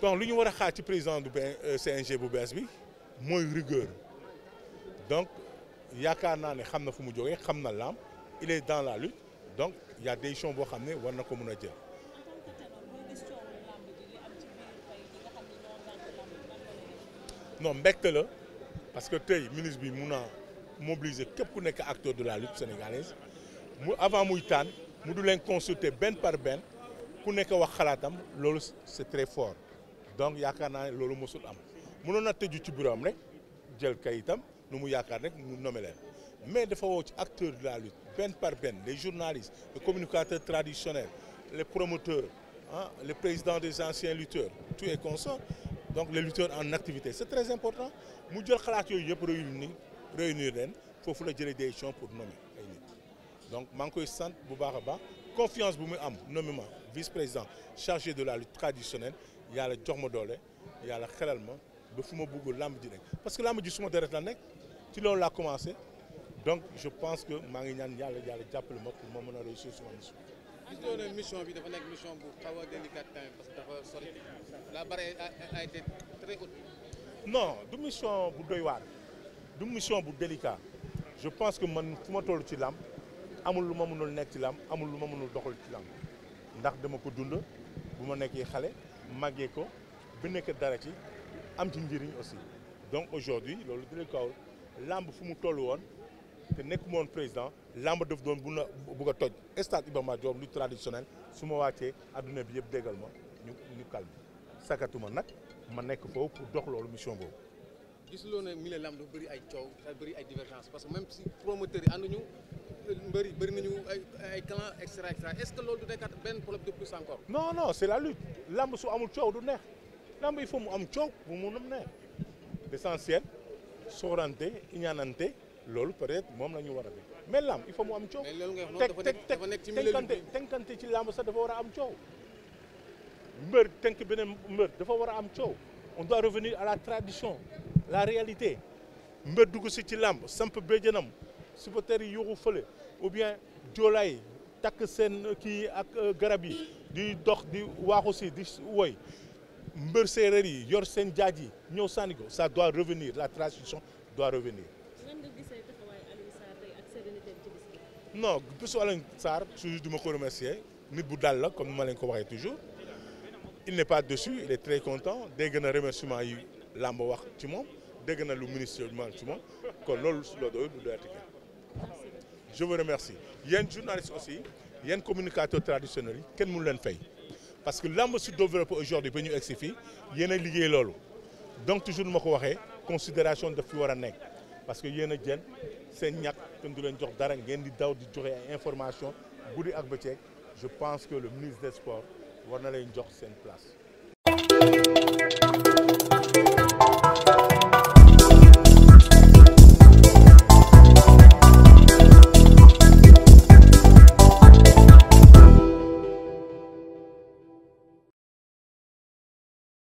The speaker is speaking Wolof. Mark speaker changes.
Speaker 1: donc lu ñu war a xaar ci président du euh, CNG bu bees bi mooy rigueur donc yaakaar naa ne xam na fu mu jógee xam na laam il est dans la lutte donc y a des boo xam ne war na ko mën a jël. non mbégte la parce que tey ministre bi mun a mobiliser képp ku nekk acteur de la lutte sénégalaise mu avant muy taan mu du leen consulter benn par benn ku nekk wax xalaatam loolu c'est très fort. donc yaakaar naa ne loolu mosul am mënoon na tëju ci bureau am rek jël kayitam nu mu yaakaar rek mu nommé leen mais dafa woo ci acteurs de la lutte benn par benn les journalistes les communicateurs traditionnels les promoteurs ah les présidents des anciens lutteurs tout est constant donc le lutteurs en activité c'est très important mu jël xalaat yooyu yëpp réunir réunir leen foofu la jëlee décision pour nommer ay nit donc maa ngi koy sant bu baax a baax confiance bu muy am nommément vice-président chargé de la lutte traditionnelle yàlla jox ma doole yàlla xelal ma ba fu ma bëgg làmb ji rek parce que làmb ji suma deret la nekk ci loolu laa commencé donc je pense que maa ngi ñaan yàlla yàlla jàppale ma pour ma mën a réussir suma mission. gis bi dafa nekk mission bu xaw a délicate tamit parce que du bu doy waar du mission bu délicat je pense que man fu ma toll ci làmb amul lu ma mënul nekk ci làmb amul lu ma mënul doxul ci làmb ndax dama ko dund bu ma nekkee xale. maggee ko bi nekk dara ci am ci njëriñ aussi donc aujourd'hui loolu di kaw làmb fu mu toll woon te nekku moon président làmb daf doon bu na bugg a toj stade Iba a Diop lu traditionnel su ma wàccee adduna bi yëpp déggal ma ñu ñu calme sakatuma nag ma nekk foofu pour dox loolu mission boobu gis loo ne milieu làmb dafa bëri ay coow dafa bëri ay divergence parce que même si promoteurs yi ànduñu mbëri bëri nañu ay clan extra extra est-ce que loolu c'est la lutte lamb su amul coow du neex lamb il faut mu am coow mu mun a neex l'essentiel soorante ñaanante loolu peut-être moom la ñu war a def mais lamb il faut mu am coow. mais loolu nga wax noonu dafa nekk ci milieu teg tënkante ci lamb sax dafa war a am coow. mbër tënk beneen mbër dafa war a am coow on doit revenir à la tradition la réalité mbër dugg si ci lamb samp béjjënam. supporters yi yuuxu fole ou bien joolaay takk seen kii ak euh, garab yi di dox di waaxu si di woy mbër séeréer yi yor seen jaaj yi ñëw sànni ko ça doit revenir la transition doit revenir. non bisu Alioune Sarr toujours du ma ko remercier nit bu dal la comme ni ma leen ko waxee toujours il n'est pas dessus il est très content dégg na remerciement yi làmb wax ci moom dégg na lu ministre bi ci moom kon loolu la doy du doyati je vous remercie yéen journalistes aussi yéen communicateurs traditionnels yi kenn mënu leen fay parce que lamb su développé aujourd'hui ba ñu egsi fii a liggéey loolu donc toujours ma ko waxee considération de fi war a nekk parce que yéen a jën seen ñàkk kenn du leen jox dara ngeen di daw di joxe information guddi ak bëccëg je pense que le ministre des sports war na leen jox seen place